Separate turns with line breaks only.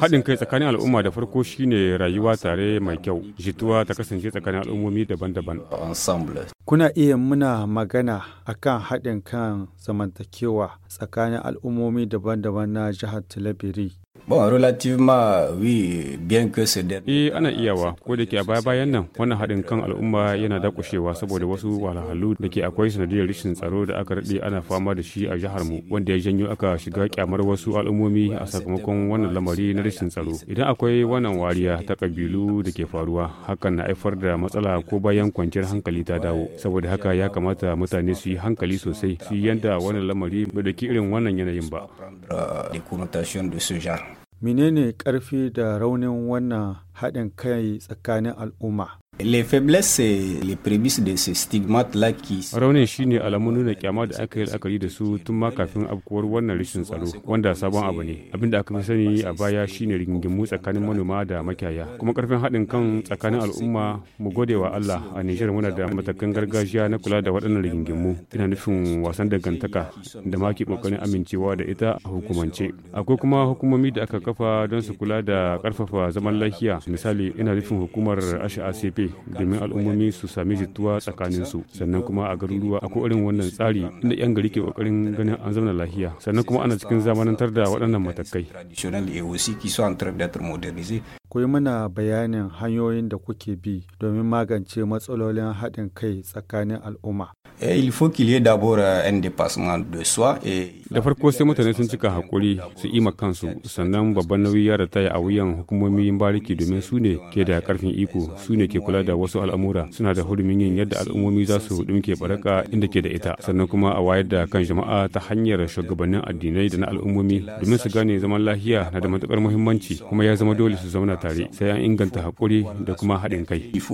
Haɗin kai tsakanin al'umma da farko shine rayuwa tare mai kyau, jituwa ta kasance tsakanin al'ummomi daban-daban.
Kuna iya muna magana akan haɗin kan zamantakewa tsakanin al'ummomi daban-daban na jihar Talabiri. Bon,
relativement, oui, bien que ce Eh, ana iyawa, ko da ke a baya-bayan nan wannan haɗin kan al'umma yana dakushewa saboda wasu walahalu da ke akwai sanadiyar rashin tsaro da aka daɗe ana fama da shi a jihar mu wanda ya janyo aka shiga kyamar wasu al'ummomi a sakamakon wannan lamari na rashin tsaro. Idan akwai wannan wariya ta kabilu da ke faruwa, hakan na haifar da matsala ko bayan kwanciyar hankali ta dawo. Saboda haka ya kamata mutane su yi hankali sosai, su yi yanda wannan lamari bai da irin wannan yanayin ba.
Menene ƙarfi da raunin wannan haɗin kai tsakanin al'umma? Les les
shi ne alamun nuna kyama da aka yi alkali da su tun ma kafin afkuwar wannan rashin tsaro, wanda sabon abu ne. Abin da aka fi sani a baya shi ne rigingimu tsakanin manoma da makiyaya. Kuma karfin haɗin kan tsakanin al'umma mu gode wa Allah a Nijar muna da matakan gargajiya na kula da waɗannan rigingimu. Ina nufin wasan dangantaka da ma ke ƙoƙarin amincewa da ita a hukumance. Akwai kuma hukumomi da aka kafa don su kula da ƙarfafa zaman lafiya. Misali, ina nufin hukumar Asha ACP ƙarfe domin al'ummomi su sami jituwa tsakanin su sannan kuma a garuruwa a irin wannan tsari inda 'yan gari ke kokarin ganin an zauna
lafiya sannan kuma ana cikin zamanantar da waɗannan matakai Ku yi mana bayanin hanyoyin da kuke bi domin magance matsalolin haɗin kai tsakanin al'umma.
Da farko sai mutane sun cika hakuri su ima kansu sannan babban nauyi ya rataya a wuyan hukumomi bariki domin su ne ke da karfin iko su ne ke kula da wasu al'amura suna da hurumin yin yadda al'ummomi za su dumke baraka inda ke da ita sannan kuma a wayar da kan jama'a ta hanyar shugabannin addinai da na al'ummomi domin su gane zaman lafiya na da matukar muhimmanci kuma ya zama dole su zauna zauna tare sai an inganta haƙuri da kuma haɗin kai.